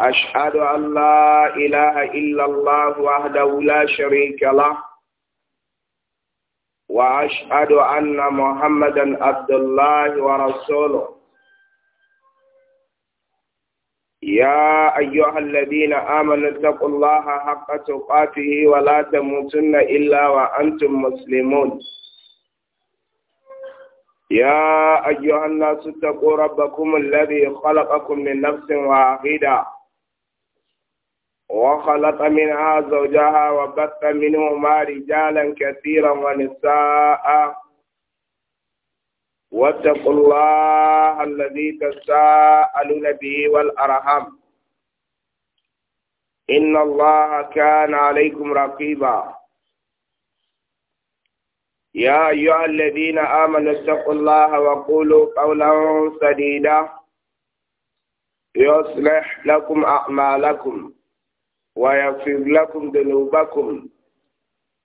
أشهد أن لا إله إلا الله وحده لا شريك له وأشهد أن محمدا عبد الله ورسوله يا أيها الذين آمنوا اتقوا الله حق تقاته ولا تموتن إلا وأنتم مسلمون يا أيها الناس اتقوا ربكم الذي خلقكم من نفس واحده وخلق منها زوجها وبث منهما رجالا كثيرا ونساء واتقوا الله الذي تساءلون به والأرحم إن الله كان عليكم رقيبا يا أيها الذين آمنوا اتقوا الله وقولوا قولا سديدا يصلح لكم أعمالكم ويغفر لكم ذنوبكم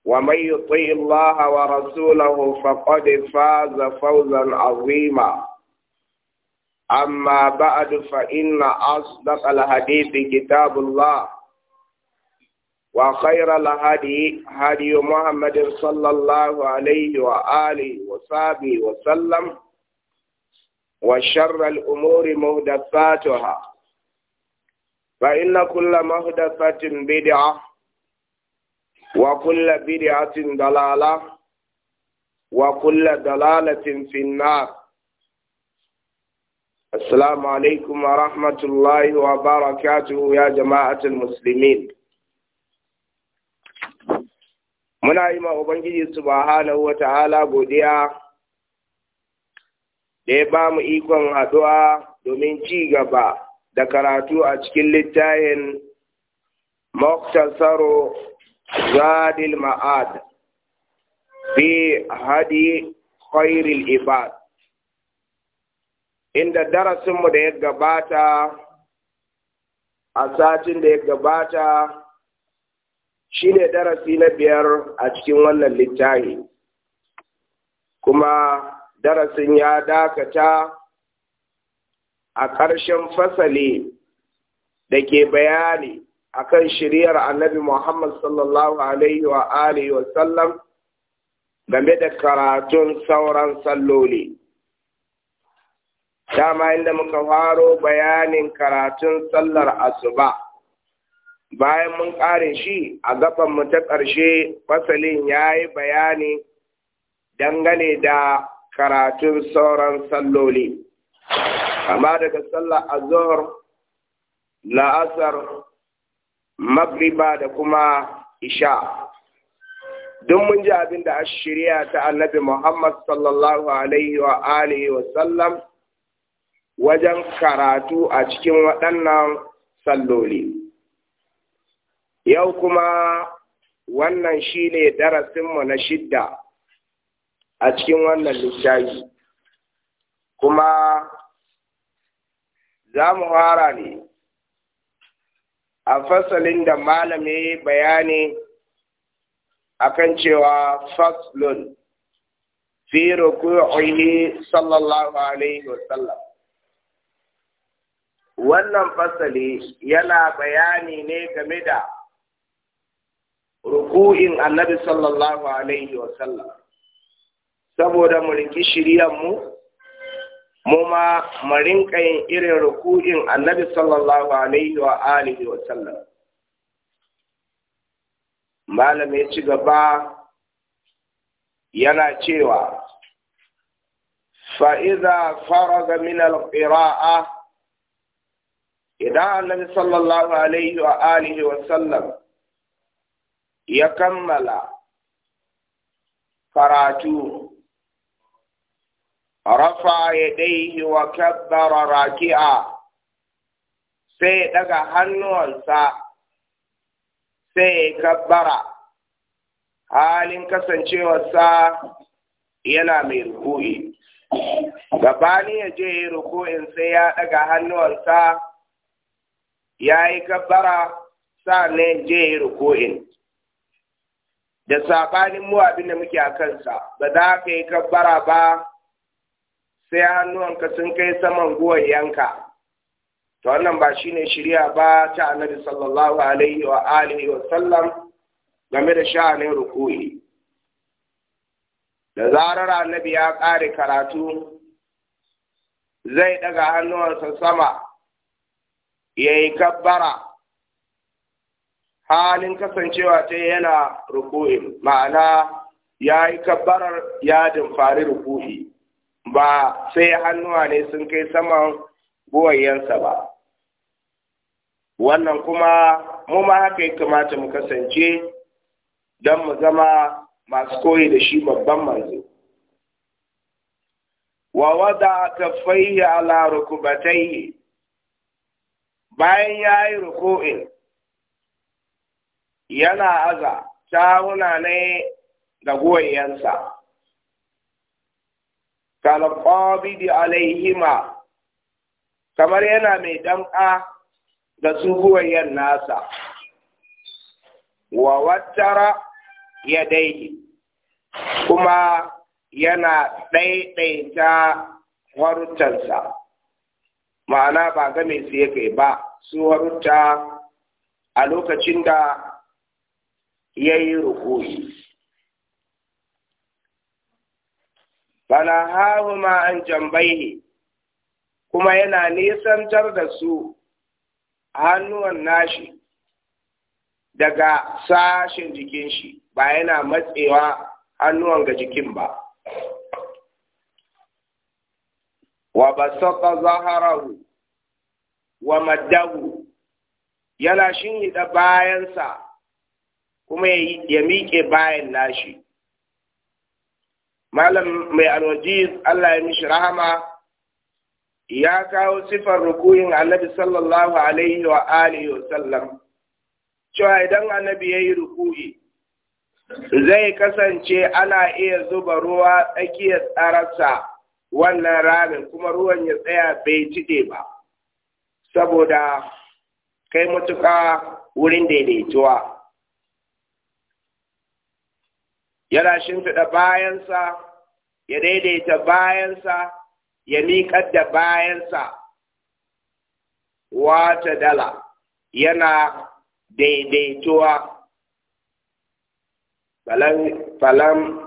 ومن يطع الله ورسوله فقد فاز فوزا عظيما أما بعد فإن أصدق الحديث كتاب الله وخير الهدي هدي محمد صلى الله عليه وآله وصحبه وسلم وشر الأمور محدثاتها wa inna kulla mahuda satin bidi a wa kulla bidi atin dalala wa kulla dalala tin finna asalamu alaikum wa barakatu ya jama'atin musulmin muna yi ma ubangiji su ba hana wata hala godiya da ba mu ikon haɗuwa domin ci gaba da karatu a cikin littayin muktasaru zadil ma'ad fi hadi khairil ibad inda darasinmu da ya gabata a satin da ya gabata shi ne darasi na biyar a cikin wannan littafi kuma darasin ya dakata a ƙarshen fasali da ke bayani akan shiriyar annabi Muhammad sallallahu alaihi wa Alaihi wa sallam game da karatun sauran salloli. Dama inda muka faro bayanin karatun sallar asuba, bayan mun ƙare shi a gabanmu ta ƙarshe fasalin ya yi bayani dangane da karatun sauran salloli. amma daga sallar azhar la'asar magriba da kuma isha don mun ji abin da shirya ta annabi Muhammad sallallahu alaihi wa alihi wa sallam wajen karatu a cikin waɗannan salloli. Yau kuma wannan shi ne darasinmu na shidda a cikin wannan littafi, kuma za mu fara ne a fasalin da malami bayani akan cewa faslun fi ruku'ihi sallallahu alaihi wasallam wannan fasali yana bayani ne game da ruku'in annabi sallallahu alaihi wasallam saboda mulki riki mu. mu ma mu rinka yin irin ruku'in annabi sallallahu alaihi wa alihi wa sallam malam ya ci gaba yana cewa fa'iza faraga min alƙira'a idan annabi sallallahu alaihi wa alihi wa sallam ya kammala karatu rafa yadaihi wa kabbara raki'a sai daga hannuwansa sai ya kabbara halin kasancewarsa yana mai ruku'i gabani ya je yi ruku'in sai ya daga hannuwansa ya yi kabbara sa'annan je ruku'in da sabanin mu abin da muke a kansa ba za ka yi kabbara ba sai hannuwanka sun kai saman yanka, to wannan ba shine shirya ba ta annabi sallallahu alaihi wa alihi wa sallam game da sha'anin ruku'i da zarar annabi ya kare karatu zai daga hannuwansa sama ya yi kabbara halin kasancewa ta yana ruku'i ma'ana ya yi kabbarar ya dimfari ruku'i ba sai hannuwa ne sun kai saman buwayensa ba wannan kuma mu ma haka ya kamata mu kasance don mu zama masu koyi da shi babban manzo wa wada kaffaihi ala rukubatayhi bayan ya yi ruku'in yana aza tawuna ne da goyensa kalqabidi alaihima kamar yana mai danka da tsuhuwayen nasa wa wattara yadaihi kuma yana ɗaiɗaita waruttansa ma'ana ba ga mai siye kai ba su warutta a lokacin da ya yi rukuyi fanahahuma an jambaihi kuma yana nisantar da su hannuwan nashi daga sashen jikin shi ba yana matsewa hannuwan ga jikin ba wa basaka zaharahu wa maddahu yana shinhida bayansa kuma ya miƙe bayan nashi malam mai alwajiz Allah ya mishi rahama ya kawo sifar rukuyin annabi sallallahu alaihi wa alihi wa sallam cewa idan annabi ya yi rukuyi zai kasance ana iya zuba ruwa tsakiyar tsararsa wannan ramin kuma ruwan ya tsaya bai cike ba saboda kai matuƙa wurin daidaituwa yana shimfiɗa bayansa ya daidaita bayansa ya miƙar da bayansa wata dala yana daidaituwa falam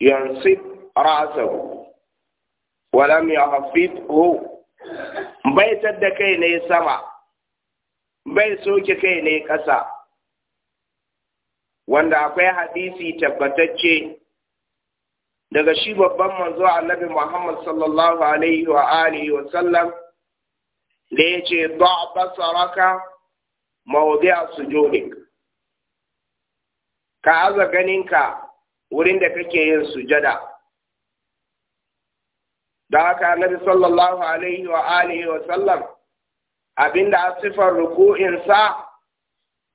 yansib rasahu walam yahfidhu bai tadda kai ne sama bai soke kai ne ƙasa wanda akwai hadisi tabbatacce daga shi babban manzo annabi Muhammad sallallahu alaihi wa alihi wa sallam da ya ce ba basaraka mawdi'a sujudik ka aza ganinka wurin da kake yin sujada da haka annabi sallallahu alaihi wa alihi wa sallam abinda asifar sa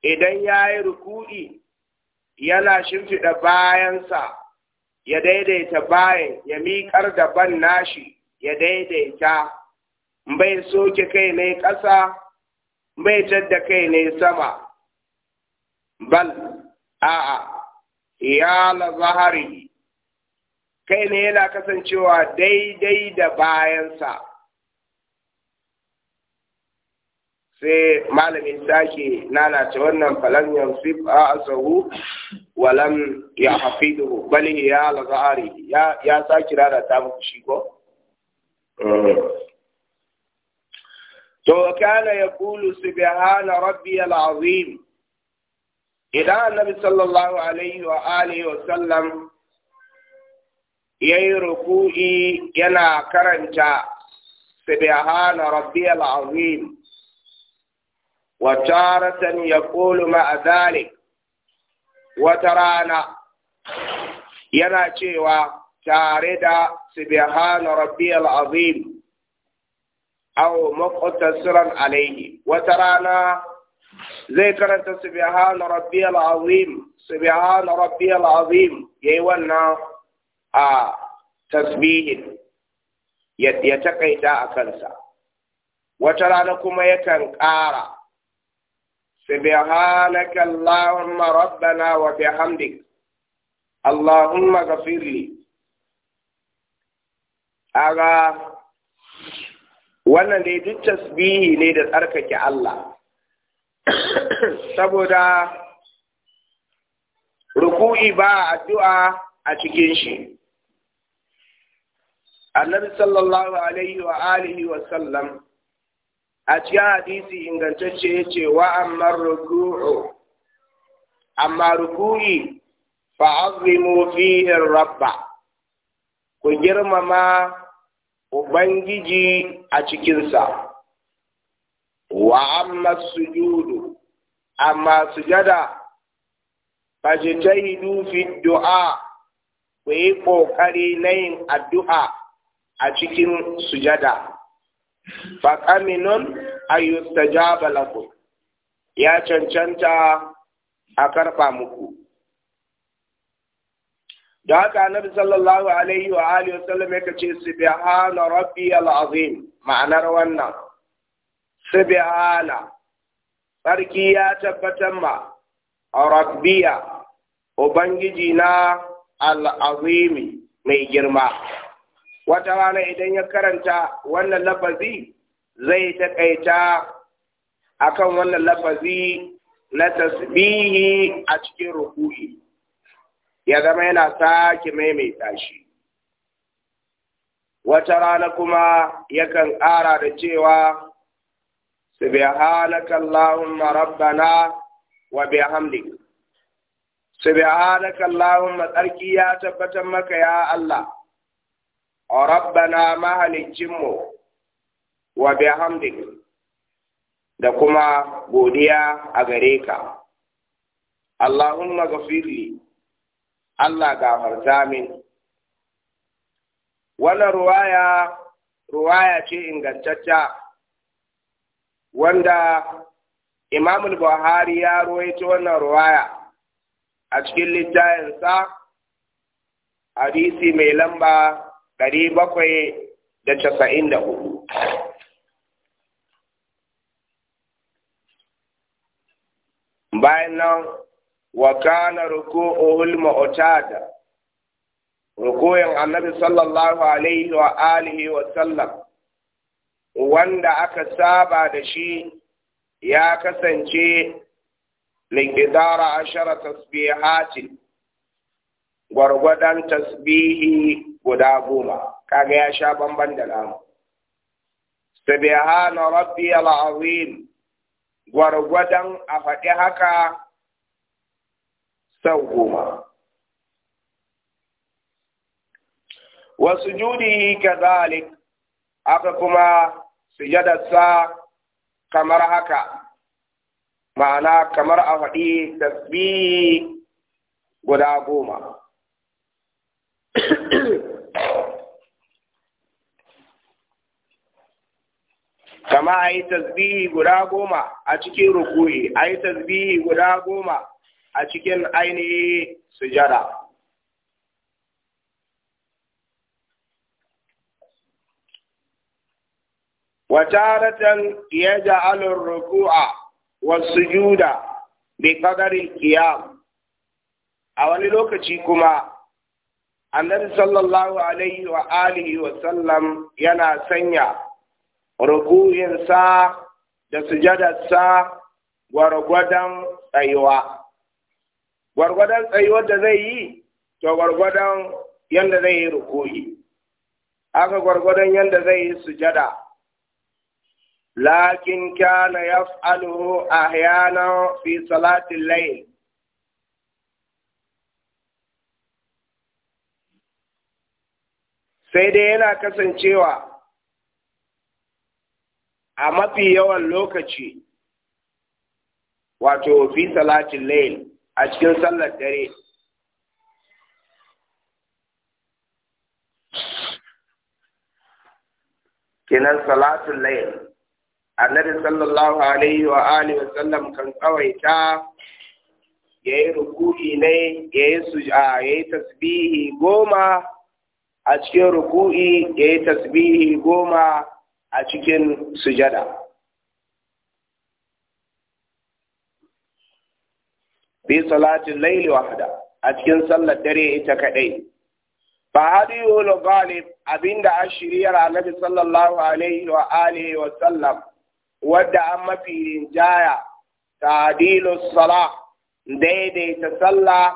idan yayi ruku'i yana shimfiɗa bayansa ya daidaita bayan ya miƙar da ban nashi ya daidaita bai soke kai ne ƙasa bai jadda kai ne sama bal a'a ya la zahari kai ne yana kasancewa daidai da bayansa sai malamin sake nanace wannan falam sif a asahu walam ya hafi hafiduhu bali ya lazari ya ya sake lalata muku shi ko mm. to kana yaqulu subhana rabbiyal azim idan annabi sallallahu alaihi wa alihi wa sallam yayi ruku'i yana karanta su subhana rabbiyal azim wa ya yaqulu ma'a dhalik wata rana yana cewa tare da subhana rabbiyal azim aw muqtasiran alayhi wata rana zai karanta subhana rabbiyal azim subhana rabbiyal azim yayi wannan a tasbihin ya taƙaita a kansa wata rana kuma yakan ƙara سبحانك اللهم ربنا وبحمدك اللهم اغفر لي aga wannan dai duk tasbihi ne da tsarkake Allah saboda ruku'i ba addu'a a cikin shi annabi sallallahu alaihi wa alihi wa sallam a cikin hadisi ingantacce ya ce wa amma ruku'u amma ruku'i fa azimu fihi rabba ku girmama ubangiji a cikinsa wa amma sujudu amma sujada fajtahidu fi du'a ku yi ƙoƙari na yin addu'a a cikin sujada faƙaminun ayyustajaba lakum ya cancanta a karfa muku da haka annabi sallallahu alaihi wa alihi wa sallam yake ce subhana rabbiyal azim ma'anar wannan subhana sarki ya tabbatar ma Rabi'a ubangiji na al-azimi mai girma wata rana idan ya karanta wannan lafazi zai taƙaita akan wannan lafazi na tasbihi a cikin ruku'i ya zama yana sake maimaita shi wata rana kuma yakan ƙara da cewa subhanaka allahumma rabbana wa bihamdik subhanaka allahumma tsarki ya tabbatar maka ya Allah rabbana mahalicinmu wa bihamdik da kuma godiya a gare ka Allahumma gafirli Allah gafarta min wannan ruwaya ruwaya ce ingantacca wanda Imam Buhari ya ruwaito wannan ruwaya a cikin littafinsa hadisi mai lamba ɗari bakwai da casa'in da hudu. Bayan nan, wa kana ruku'uhul ma'utada, ruku'in annabi sallallahu alaihi wa alihi wa sallam, wanda aka saba da shi ya kasance likidara ashara tasbihatin gwargwadon tasbihi guda goma kaga ya sha bamban da namu subhana rabbi al-azim gwargwadon a faɗi haka sau goma wasu judihi kazalik haka kuma sujadarsa kamar haka ma'ana kamar a faɗi tasbi guda goma kama a yi tasbihi guda goma a cikin ruku'i a yi tasbihi guda goma a cikin ainihi sujada Rukua wasu juda والسجود بقدر القيام a wani lokaci kuma annabi sallallahu alaihi wa alihi wa sallam yana sanya ruku'insa da sujadarsa gwargwadon tsayuwa gwargwadon tsayuwar da zai yi to gwargwadon yadda zai yi rukuyi aka gwargwadon yadda zai yi sujada lakin kana yaf'aluhu ahyana fi salatin layl sai dai yana kasancewa a mafi yawan lokaci wato fi salatin layin a cikin sallar dare kenan salatul layl annabi sallallahu alaihi wa alihi wa sallam kan tsawaita yayi ruku'i ne yayi suja yayi tasbihi goma a cikin ruku'i ya yi tasbihi goma a cikin sujada. Bi salatin laili hada a cikin sallar dare ita kaɗai. Ba hadiyu galib abinda a shiriyar annabi sallallahu alaihi wa alihi wa sallam wadda an mafi rinjaya ta adilu sala daidaita sallah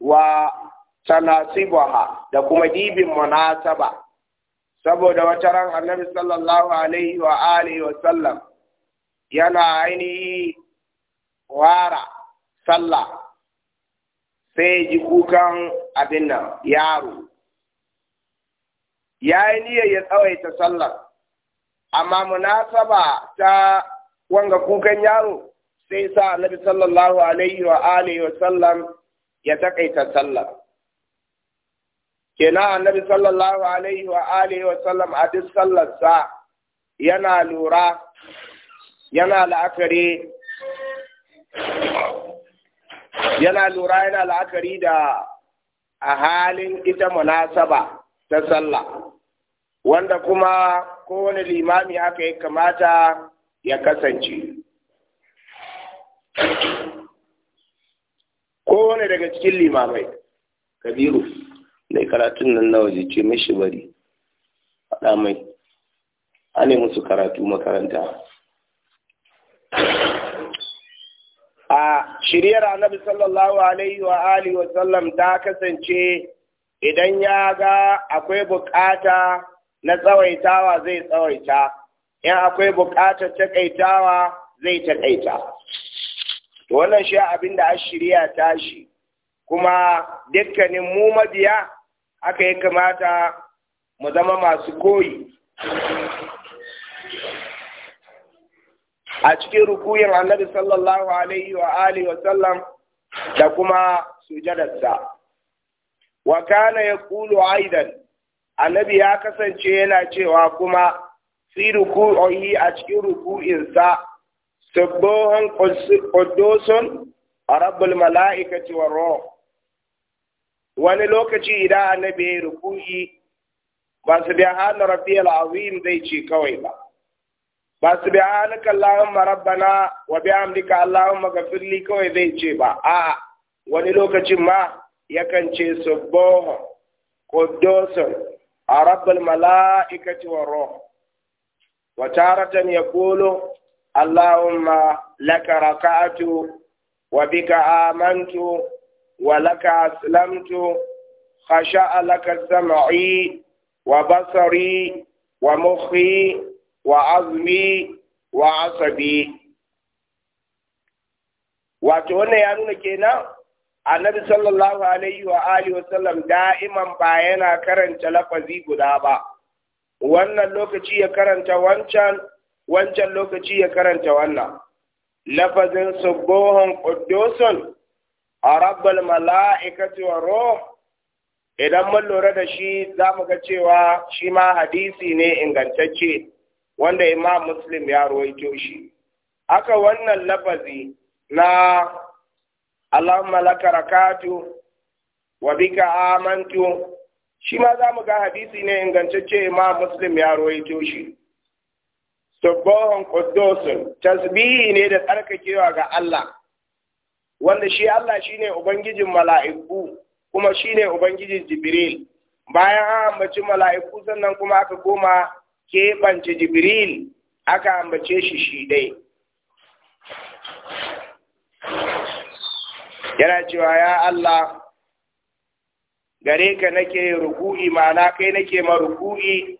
wa tanasibaha da kuma dibin munasaba saboda wata ran annabi sallallahu alaihi wa alihi wa sallam yana ainihi wara sallah sai ji kukan abin nan yaro ya yi niyyar ya tsawaita sallar amma munasaba ta wanga kukan yaro sai sa annabi sallallahu alaihi wa alihi wa sallam ya takaita sallar kenan annabi sallallahu alaihi wa alihi wa sallam a duk sallarsa yana lura yana la'akari yana lura yana la'akari da a halin ita munasaba ta sallah wanda kuma kowane limami haka ya kamata ya kasance kowane daga cikin limamai kabiru mai karatun nan na waje ce mai bari faɗa mai a ne musu karatu makaranta a shiryar annabi sallallahu alaihi wa alihi wa sallam ta kasance idan ya ga akwai bukata na tsawaitawa zai tsawaita in akwai bukatar takaitawa zai takaita wannan shi abin da shirya tashi kuma dukkanin mu mabiya haka ya kamata mu zama masu koyi a cikin rukuyin annabi sallallahu alaihi wa alihi wa sallam da kuma sujadarsa wa kana yaqulu aidan annabi ya kasance yana cewa kuma fi ruku'i a cikin ruku'insa subbuhun qudusun rabbul mala'ikati war ruh wani lokaci idan annabi ya yi ba su bi hana rabbi al'azim zai ce kawai ba ba su bi halaka allahumma na wa bi amdika allahumma magafirli kawai zai ce ba a wani lokacin ma yakan ce subbuhu quddusun a rabbul mala'ikati war ruh wa taratan yaqulu laka raka'atu wa bika amantu ولك أسلمت خشع لك سمعي وبصري ومخي وعظمي وعصبي wato wannan ya nuna kenan annabi sallallahu alaihi wa alihi wa da'iman ba yana karanta lafazi guda ba wannan lokaci ya karanta wancan wancan lokaci ya karanta wannan lafazin subuhun quddusun a rabbal mala'ikati wa ruh idan mun lura da shi za mu ga cewa shi ma hadisi ne ingantacce wanda imam muslim ya ruwaito shi aka wannan lafazi na Allah malaka rakatu wa bika amantu shi ma za mu ga hadisi ne ingantacce imam muslim ya ruwaito shi Subhan Qudus tasbihi ne da tsarkakewa ga Allah wanda shi Allah shi ne ubangijin mala'iku kuma shi ne ubangijin Jibril bayan an ambaci mala'iku sannan kuma aka koma keɓance Jibril aka ambace shi shi dai yana cewa ya Allah gare ka nake ruku'i ma'ana kai nake ma ruku'i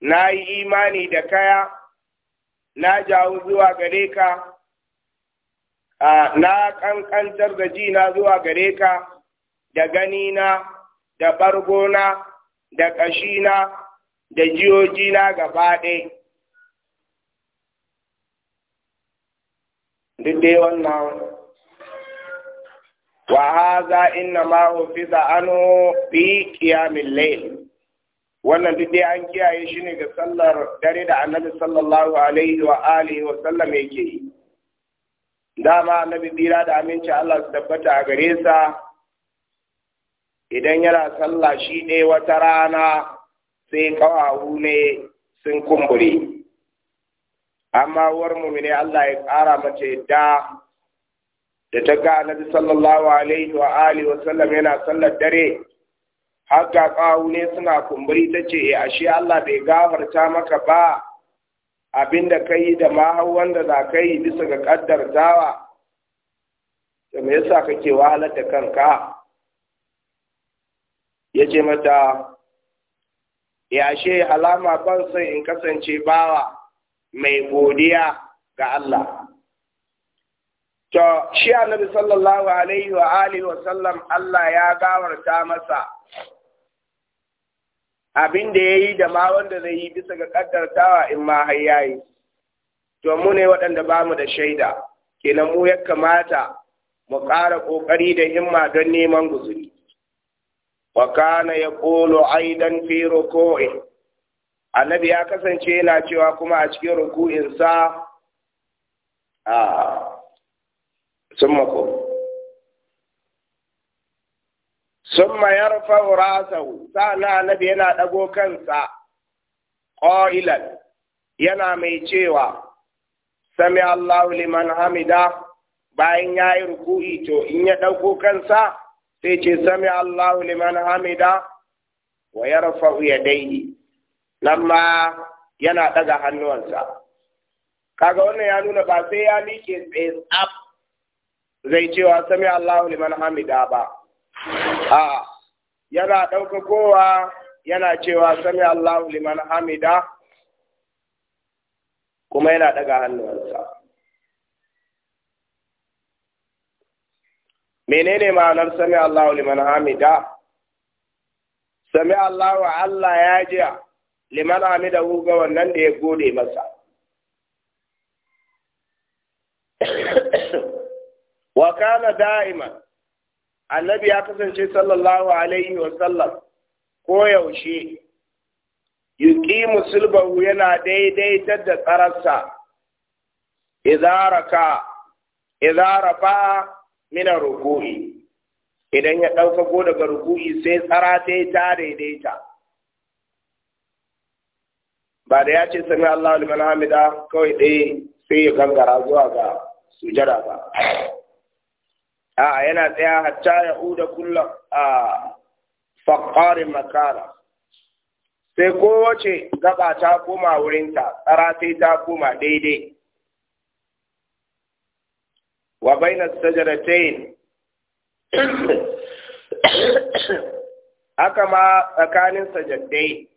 na yi imani da kaya na jawo zuwa gare ka na ƙanƙantar da jina zuwa gare ka da ganina da bargona da ƙashina da jiyojina gaba ɗaya. Duk dai wannan wa haza inna ma hufiza an fi ƙiyamin layl wannan duk dai an kiyaye shi ne ga sallar dare da Annabi sallallahu alaihi wa alihi wa sallam yake yi dama annabi bibira da aminci Allah su tabbata a gare sa idan yana sallah shi ne wata rana sai kawahu ne sun kumbure amma war mumine Allah ya ƙara mace yadda da ta ga annabi sallallahu alaihi wa alihi wa sallam yana sallar dare har ga ne suna kumburi tace eh, ashe Allah bai gafarta maka ba abinda ka yi da ma wanda za ka yi bisa ga kaddar dawa da me yasa kake wahalar da kanka ya ce mata yashe e, alama ban sai in kasance bawa mai godiya ga Allah to shi annabi sallallahu alaihi wa alihi wa sallam Allah ya gawarta masa abin da ya yi da ma wanda zai yi bisa ga kaddartawa in ma har yayi to mu ne waɗanda ba mu da shaida kenan mu ya kamata mu ƙara ƙoƙari da himma don neman guzuri wa kana ya ƙolo aidan fi ruku'i annabi ya kasance yana cewa kuma a cikin ruku'insa a sun mako summa sau, sa na annabi yana ɗago kansa qailan yana mai cewa sami Allahu liman hamida bayan ya yi ruku'i to in ya ɗauko kansa sai ce sami Allahu liman hamida wa ya ya daidai nan ma yana ɗaga hannuwansa kaga wannan ya nuna ba sai ya miƙe tsaye zai cewa sami Allahu liman hamida ba a yana ɗaukakowa yana cewa sami Allahu liman hamida kuma yana ɗaga hannunsa. menene ma'anar sami Allahu liman hamida sami Allahu Allah ya jiya liman hamida ga wannan da ya gode masa wa kana da'iman annabi ya kasance sallallahu alaihi wa sallam ko yaushe yuki sulbahu yana daidaitar da tsararsa idaraka idarafa min ruku'i idan ya ɗaukako daga ruku'i sai tsara ta daidaita ba da ya ce sami Allah liman hamida kawai ɗaya sai ya gangara zuwa ga sujada ba a yana tsaya hatta ya uda kullum a faƙarin makara sai kowace gaba ta koma wurinta tsara sai ta koma daidai wa baina sajaratain haka ma tsakanin sajaddai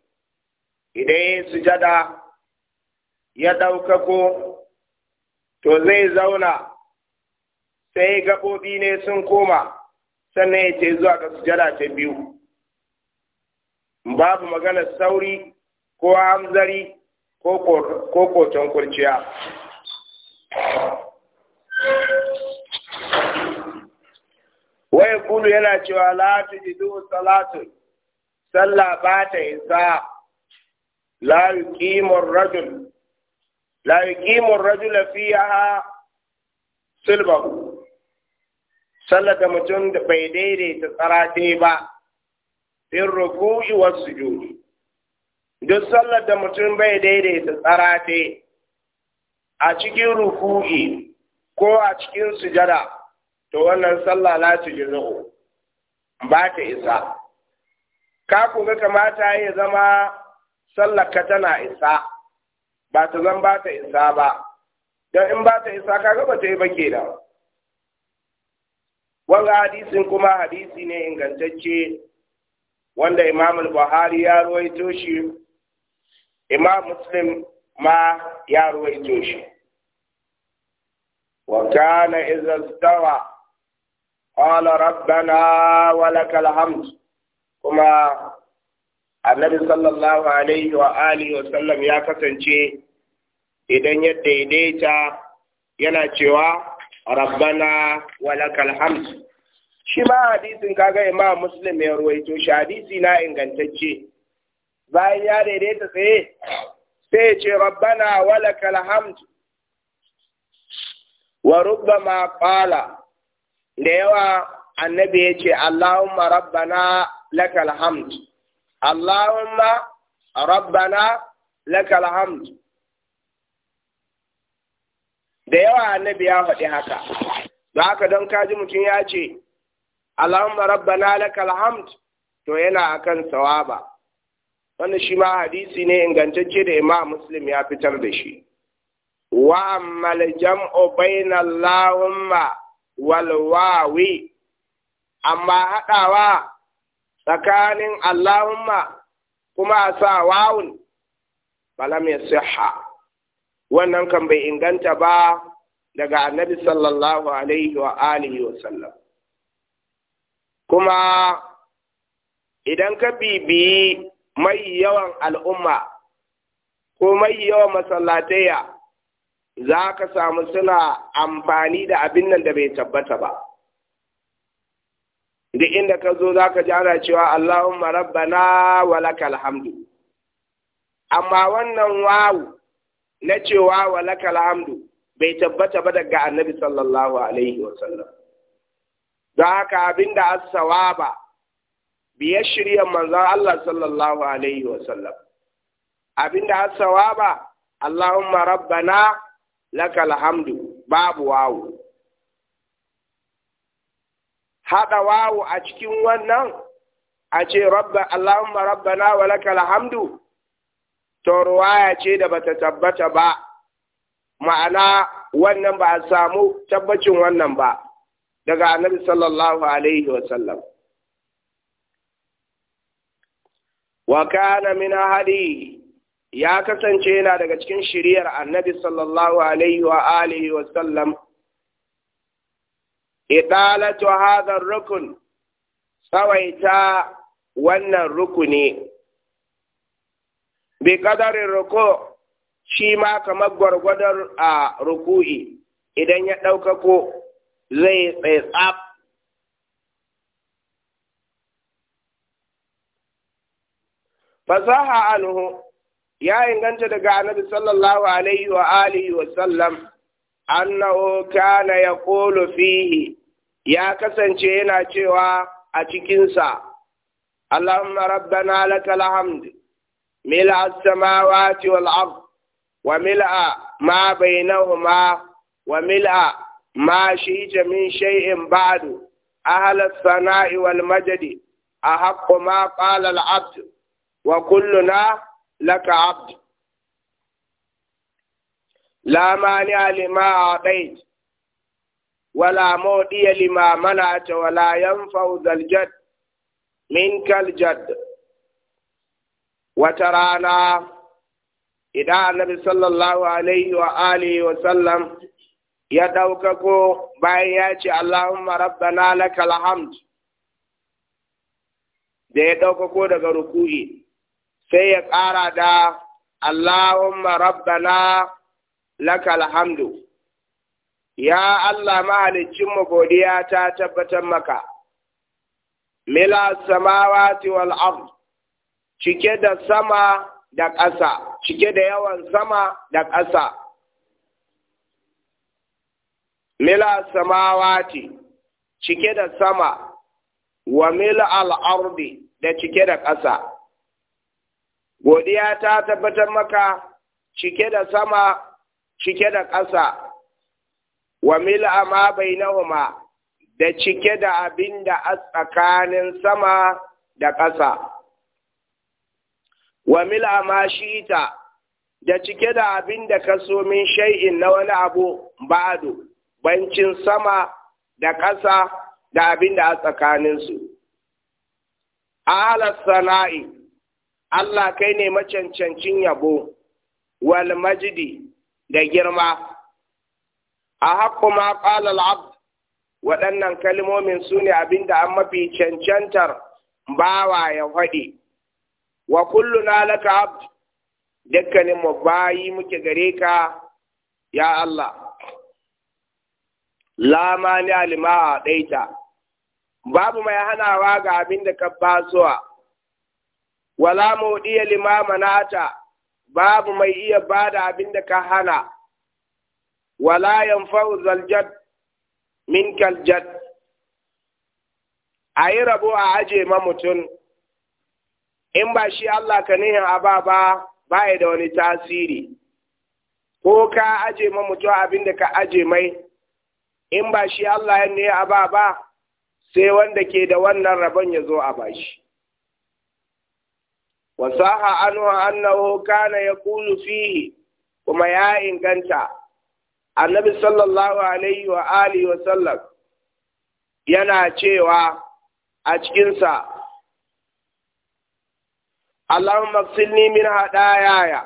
idan sujada ya ɗaukako to zai zauna sai gaɓoɓi ne sun koma sannan ya ce zuwa ga sujada ta biyu babu magana sauri ko hamzari ko koton kurciya waya kulu yana cewa latu jidu salatu sallah ba ta isa la yuqimur rajul la yuqimur rajula fiha sulbahu sallar da bai daidaita tsarate ba bin ruku'i wasu juri. duk sallar da mutum bai daidaita tsarate a cikin ruku'i ko a cikin sujada to wannan sallah la tujzu ba ta isa ka kuma kamata ya zama sallaka tana isa ba ta zan ba ta isa ba don in ba ta isa ka gaba ta yi ba kenan wanga hadisin kuma hadisi ne ingantacce wanda imam al-buhari ya ruwaito shi imam muslim ma ya ruwaito shi wa kana idza stawa qala rabbana wa lakal hamd kuma annabi sallallahu alaihi wa alihi wa sallam ya kasance idan ya daidaita yana cewa rabbana walakal hamd shi ma hadisin kaga imam muslim ya ruwaito shi hadisi na ingantacce bayan ya daidaita tsaye sai ce rabbana walakal hamd wa rubbama qala da yawa annabi ya ce allahumma rabbana lakal hamd allahumma rabbana lakal hamd da yawa annabi ya faɗi haka don haka don kaji mutum ya ce allahumma rabbana lakal hamd to yana kan sawaba wannan shi ma hadisi ne ingantacce da imam muslim ya fitar da shi wa ammal jam'u bayna allahumma wal wawi amma haɗawa tsakanin allahumma kuma a sa wawun balam ya wannan kan bai inganta ba daga annabi sallallahu alaihi wa alihi wa sallam kuma idan ka bibiyi mai yawan al'umma ko mai yawan masallataya za ka samu suna amfani da abin nan da bai tabbata ba duk inda ka zo za ka jana cewa Allahumma rabbana wa lakal hamdu amma wannan wawu na cewa wa lakal hamdu bai tabbata ba daga annabi sallallahu alaihi wa sallam don haka abinda as-sawaba biyar shiryan manzo Allah sallallahu alaihi wa sallam abinda as-sawaba Allahumma rabbana lakal hamdu babu wawu hada wawu a cikin wannan a ce rabba Allahumma rabbana wa lakal hamdu to ruwaya ce da bata tabbata ba ma'ana wannan ba a samu tabbacin wannan ba daga annabi sallallahu alaihi wasallam wa kana min hadi ya kasance yana daga cikin shiriyar annabi sallallahu alaihi wa alihi wasallam idalatu hadha rukun sawaita wannan rukuni bi kadari ruku shi ma kamar gwargwadon a ruku'i idan ya ko zai tsaye tsab. fasaha anhu ya inganta daga annabi sallallahu alaihi wa alihi wa sallam annahu kana yaqulu fihi ya kasance yana cewa a cikinsa allahumma rabbana lakal hamd ملء السماوات والأرض وملء ما بينهما وملء ما شئت من شيء بعد أهل الثناء والمجد أحق ما قال العبد وكلنا لك عبد لا مانع لما أعطيت ولا مودي لما منعت ولا ينفع ذا الجد منك الجد wata rana idan annabi sallallahu alaihi wa alihi wa sallam ya ɗaukako bayan ya ce Allahumma rabbana lakal hamd da ya ɗaukako daga ruku'i sai ya ƙara da Allahumma rabbana lakal hamdu ya Allah mu godiya ta tabbatar maka mila samawati wal ard cike da sama da ƙasa cike da yawan sama da ƙasa mila samawati cike da sama wa mil al'ardi da cike da ƙasa. Godiya ta tabbatar maka cike da sama, cike da ƙasa, wa mil amma nahuma da cike da abin da a tsakanin sama da ƙasa. wa mil'a ma ta, da cike da abin da ka so min shai'in na wani abu ba'du bancin sama da ƙasa da abin da a tsakaninsu. Ahalar sana'i, Allah kai ne macancancin yabo, wal majidi da girma. A haƙƙu ma ƙalal abd waɗannan kalmomin su ne abin da an mafi cancantar bawa ya faɗi. wa kulluna laka abd dukkanin mu bayi muke gare ka ya Allah la ni alima daita babu mai hanawa ga abin da ka basuwa wala maudiya lima manata babu mai iya bada abin da ka hana wala yanfa'u zaljad min kaljad a yi rabo a aje ma mutum in ba shi Allah ka nihin aba ba baya da wani tasiri ko ka aje ma mutum abin da ka aje mai in ba shi Allah ya nihin aba ba sai wanda ke da wannan rabon ya zo a bashi wasaha anu annahu kana yaqulu fihi kuma ya inganta annabi sallallahu alaihi wa alihi wa sallam yana cewa a cikinsa اللهم اغسلني من هداياي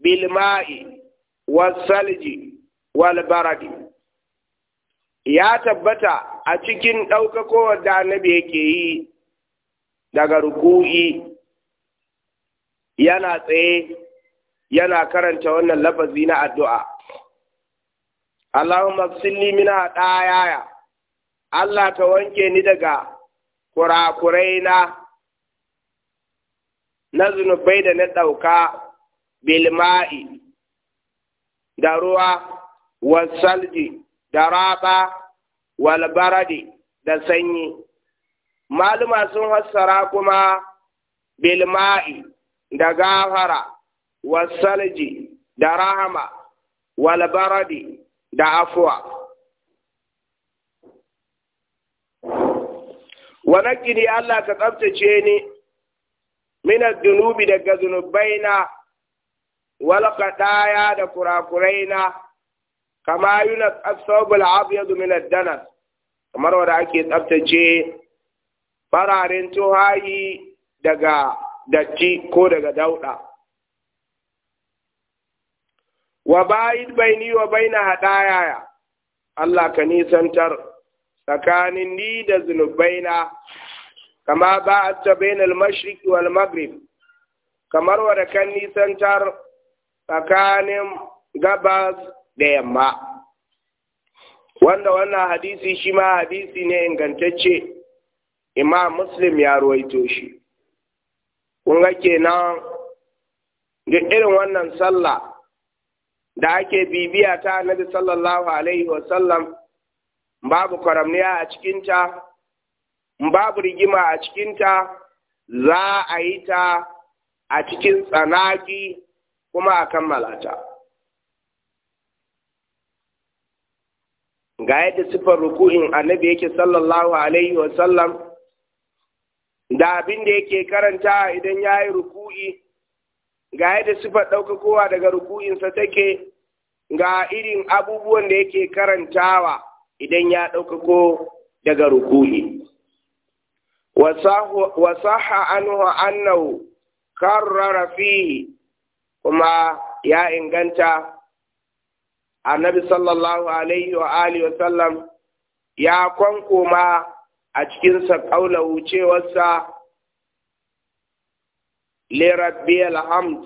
بالماء والثلج والبرد ya tabbata a cikin ɗaukakowar da annabi yake yi daga ruku'i yana tsaye yana karanta wannan lafazi na addu'a. Allahumma silli mina ɗayaya, Allah ka wanke ni daga kurakurai na na zunubai da na ɗauka bilma'i da ruwa wasalji da raɓa walbaradi da sanyi maluma sun hassara kuma bilma'i da gafara wasalji da rahama walbaradi da afuwa wa naƙini Allah ka tsabtace ni min zunubi daga zunubaina wal qadaya da kurakuraina kama yuna asabul abyad min ad-danas kamar wanda ake tsaftace fararen tuhayi daga datti ko daga dauda wa bayid baini wa baina hadaya Allah ka nisantar tsakanin ni da zunubaina kama ba'adta bainal mashriq wal maghrib kamar wada kan nisantar tsakanin gabas da yamma wanda wannan hadisi shi ma hadisi ne ingantacce imam muslim ya ruwaito shi kun ga kenan duk irin wannan sallah da ake bibiya ta annabi sallallahu alaihi wasallam babu karamniya a cikinta babu rigima a cikinta za a yi ta a cikin tsanaki kuma a kammala ta ga yadda siffar ruku'in annabi yake sallallahu alaihi wasallam da abin da yake karanta idan ya yi ruku'i ga yadda siffar ɗaukakowa daga ruku'insa take ga irin abubuwan da yake karantawa idan ya ɗaukako daga ruku'i وصح عنه أنه كرر فيه كما يا إنغنتا النبي صلى الله عليه وآله وسلم يا كونكما أتكنس قوله وسا لربي الحمد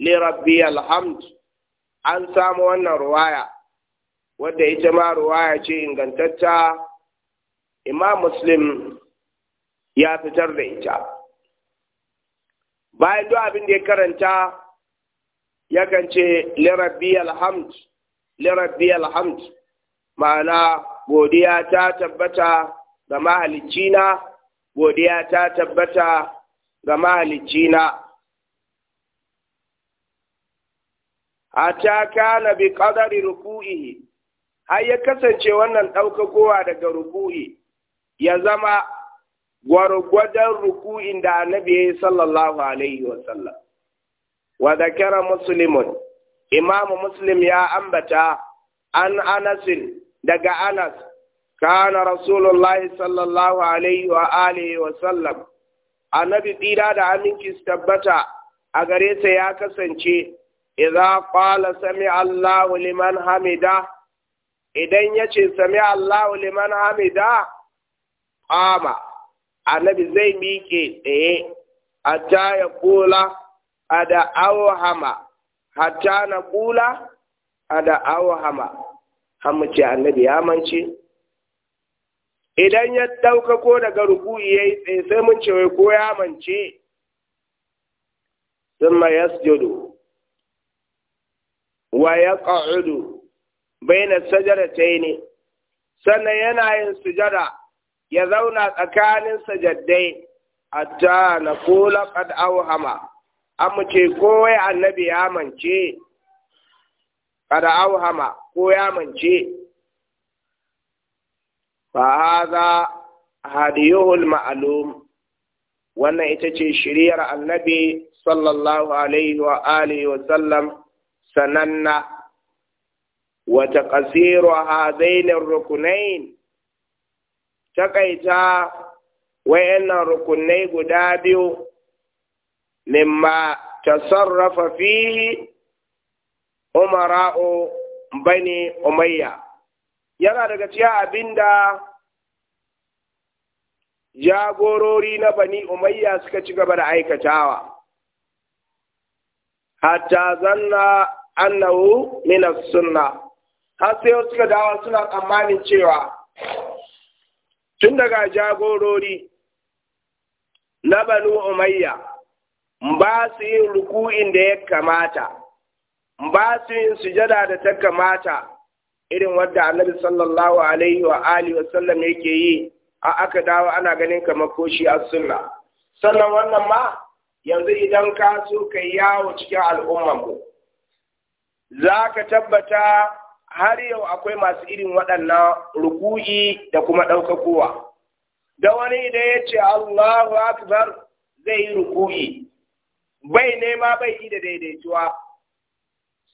لربي الحمد an samu wannan ruwaya. wadda ita ma ruwaya ce ingantacca imam muslim ya fitar da ita bayan duk abin da ya karanta yakan ce lirabbi alhamd lirabbi alhamd ma'ana godiya ta tabbata ga mahalicina godiya ta tabbata ga mahalicina a ta kana bi ƙadari ruku'ihi har ya kasance wannan ɗaukakowa daga ruku'i ya zama gwargwadon ruku'in da annabi sallallahu alaihi wa sallam wa zakara musulmin imamu muslim ya ambata an anasin daga anas kana rasulullahi sallallahu alaihi wa alihi wa sallam annabi tsira da aminci su tabbata a gare sa ya kasance idza qala sami allahu liman hamida idan ya ce sami allahu liman hamida qama annabi zai miƙe tsaye hatta ya kula ada awhama hatta na kula a Hama. awhama ce annabi ya mance idan ya ɗauka ko daga ruku'i yi tsaye sai mun ce wai ko ya mance thumma yasjudu wa ta yi ne. sannan yana yin sujada ya zauna tsakanin sajaddai ta na kula qad auhama amince ko wai annabi ya mance qad auhama ko ya mance fa hadha hadiyuhul ma'lum wannan ita ce shiriyar annabi sallallahu alaihi wa alihi wa sallam sananna wa taqsiru hadain ar-rukunain taƙaita wayannan rukunai guda biyu mimma sarrafa fihi umara'u bani umayya yana daga cikin abinda jagorori na bani umayya suka ci gaba da aikatawa hatta zanna annahu min as-sunna har sai suka dawo suna tsammanin cewa tun daga jagorori na banu umayya ba su yin ruku'in da ya kamata ba su yin sujada da ta kamata irin wadda annabi sallallahu alaihi wa alihi wa sallam yake yi a aka dawo ana ganin kamar koshi a sunna sannan wannan ma yanzu idan ka so ka yawo cikin al'ummar mu za ka tabbata har yau akwai masu irin waɗannan ruku'i da kuma ɗaukakowa. Da wani idan ya ce Allahu Akbar zai yi ruku'i, bai nema bai yi da daidaituwa.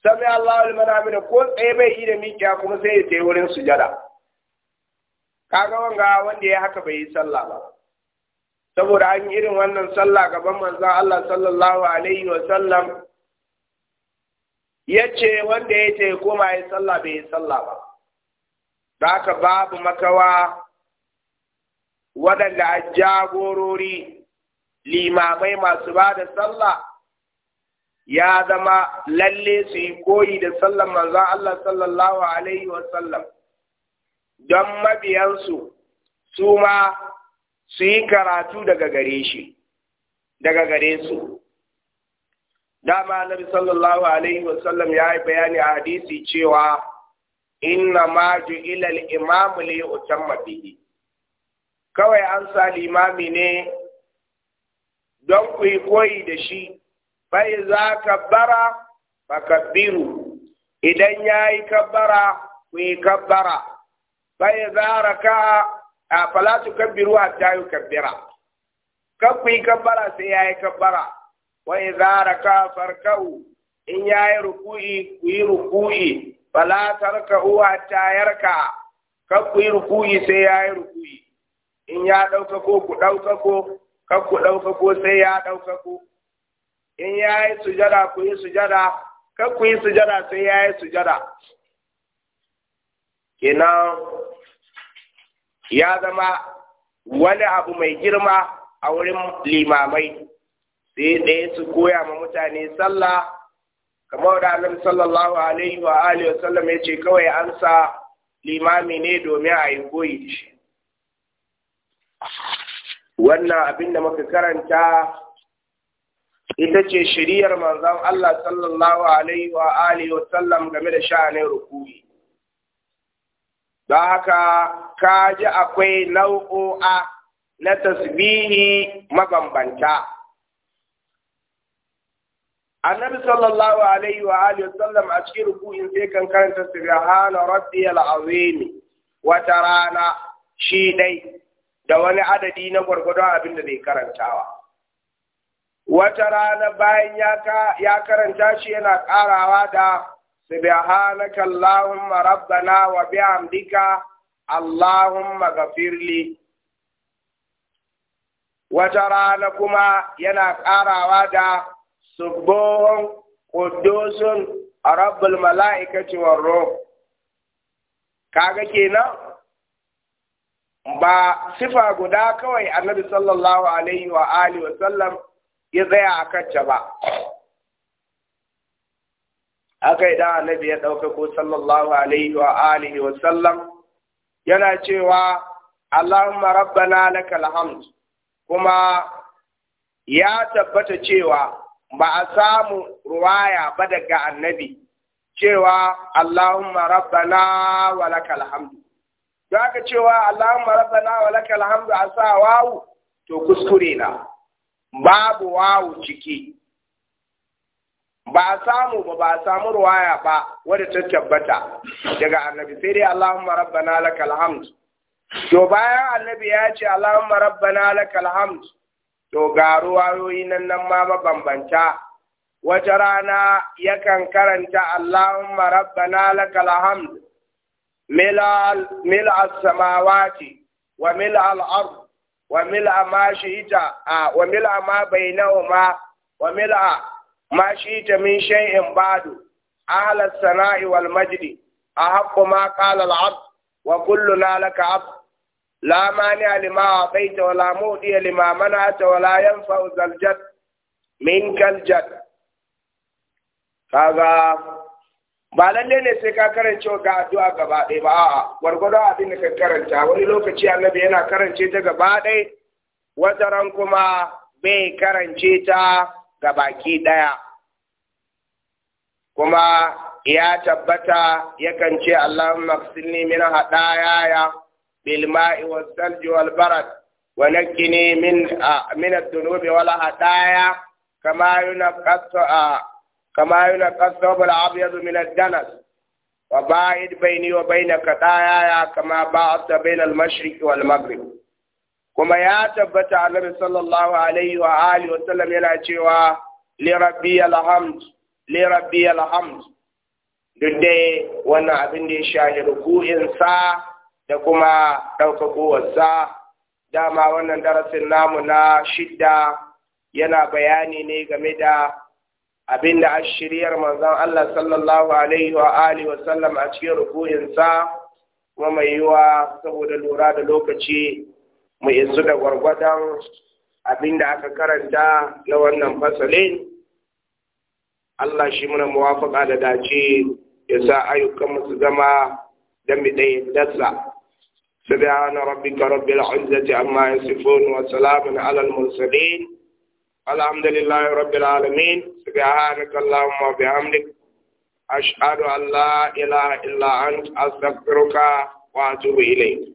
Sami Allahu da ko tsaye bai yi da miƙiya kuma sai ya tsaye wurin sujada. Kaga wanga wanda ya haka bai yi sallah ba. Saboda an irin wannan sallah gaban manzon Allah sallallahu alaihi wa sallam yace wanda ya ce koma ya sallah bai yi sallah ba da aka babu makawa waɗanda a jagorori limamai masu ba da sallah ya zama lalle su yi koyi da sallan manzo Allah sallallahu alaihi wa sallam don mabiyansu su ma su yi karatu daga gare shi daga gare su dama annabi sallallahu alaihi wa sallam ya yi bayani a hadisi cewa inna ma ju'ila al-imam li yutamma bihi kawai an sa limami ne don ku yi koyi da shi bai za ka bara fakabbiru idan ya yi kabbara ku yi kabbara bai za raka a falatu kabbiru hatta yi kabbira kan ku yi kabbara sai ya yi kabbara Wai za idza raka farka'u in ya yi ruku'i ku yi ruku'i fala uwa hatta yarka kar ku yi ruku'i sai ya yi ruku'i in ya ɗaukako ku ɗaukako, ko ku ɗaukako sai ya ɗaukako, in ya yi sujada ku yi sujada kar ku yi sujada sai ya yi sujada kenan ya zama wani abu mai girma a wurin limamai sai ɗaya su koya ma mutane sallah kamar da annabi sallallahu alaihi wa alihi wasallam ya ce kawai an sa limami ne domin a yi koyi da shi wannan abin da muka karanta ita ce shiriyar manzon Allah sallallahu alaihi wa alihi wasallam game da sha'anin rukuni don haka ka ji akwai nau'o'a na tasbihi mabambanta annabi sallallahu alaihi wa alihi sallam a cikin ruku'in sai kan karanta subhana rabbiyal azim wata rana shi dai da wani adadi na gwargwado abin da zai karantawa wata rana bayan ya karanta shi yana karawa da subhanaka allahumma rabbana wa bihamdika allahumma ghafirli wata rana kuma yana karawa da سبوه قدوس رب الملائكة والروح kaga kenan ba sifa guda kawai النبي صلى الله عليه وآله وسلم يضيع ya tsaya a ba aka idan annabi ya ɗauka ko sallallahu alaihi wa alihi wa sallam yana cewa allahumma na lakal hamd kuma ya tabbata cewa ba a samu ruwaya ba daga annabi cewa Allahumma rabbana wa lakal hamdu don aka cewa Allahumma rabbana wa lakal hamdu a sa wawu to kuskure na babu wawu ciki ba a samu ba ba a samu ruwaya ba wadda ta tabbata daga annabi sai dai Allahumma rabbana lakal hamdu to bayan annabi ya ce Allahumma rabbana lakal hamdu to ga ruwayoyi nan nan ma mabambanta wata rana yakan karanta Allahumma rabbana lakal hamd mil as-samawati wa mil al-ard wa mil ma shi'ta wa mil ma bainahuma wa mil ma shi'ta min shay'in ba'du ahla as-sana'i wal majdi ahaqqu ma qala al-abd wa kulluna laka abd لا مانع لما أعطيت ولا مؤتي لما منعت ولا ينفع ذا الجد منك الجد kaga ba lalle ne sai ka karance ga addu'a gaba ɗaya ba a'a gwargwado abin da ka karanta wani lokaci annabi yana karance ta gaba ɗaya wataran kuma bai karance ta ga baki ɗaya kuma ya tabbata yakan ce Allahumma qsilni min hadaya بالماء والثلج والبرد ونجني من من الذنوب والهدايا كما ينقى كما ينقى الثوب الابيض من الدنس وباعد بيني وبينك خطاياي كما باعدت بين المشرق والمغرب kuma ya tabbata annabi sallallahu alaihi wa alihi wa sallam yana cewa li rabbi alhamd li rabbi alhamd duk dai wannan abin da ya sa da kuma ɗaukakowarsa dama wannan darasin namu na shidda yana bayani ne game da abin da ashiriyar manzon Allah sallallahu alaihi wa alihi wa sallam a cikin rukuninsa kuma mai yiwa saboda lura da lokaci mu isu da gwargwadon abin da aka karanta na wannan fasalin Allah shi muna muwafaka da dace ya sa ayyukan musu zama don mu ɗaya dasa. سبحان ربك رب العزة عما يصفون وسلام على المرسلين الحمد لله رب العالمين سبحانك اللهم وبحمدك أشهد أن لا إله إلا أنت أستغفرك وأتوب إليك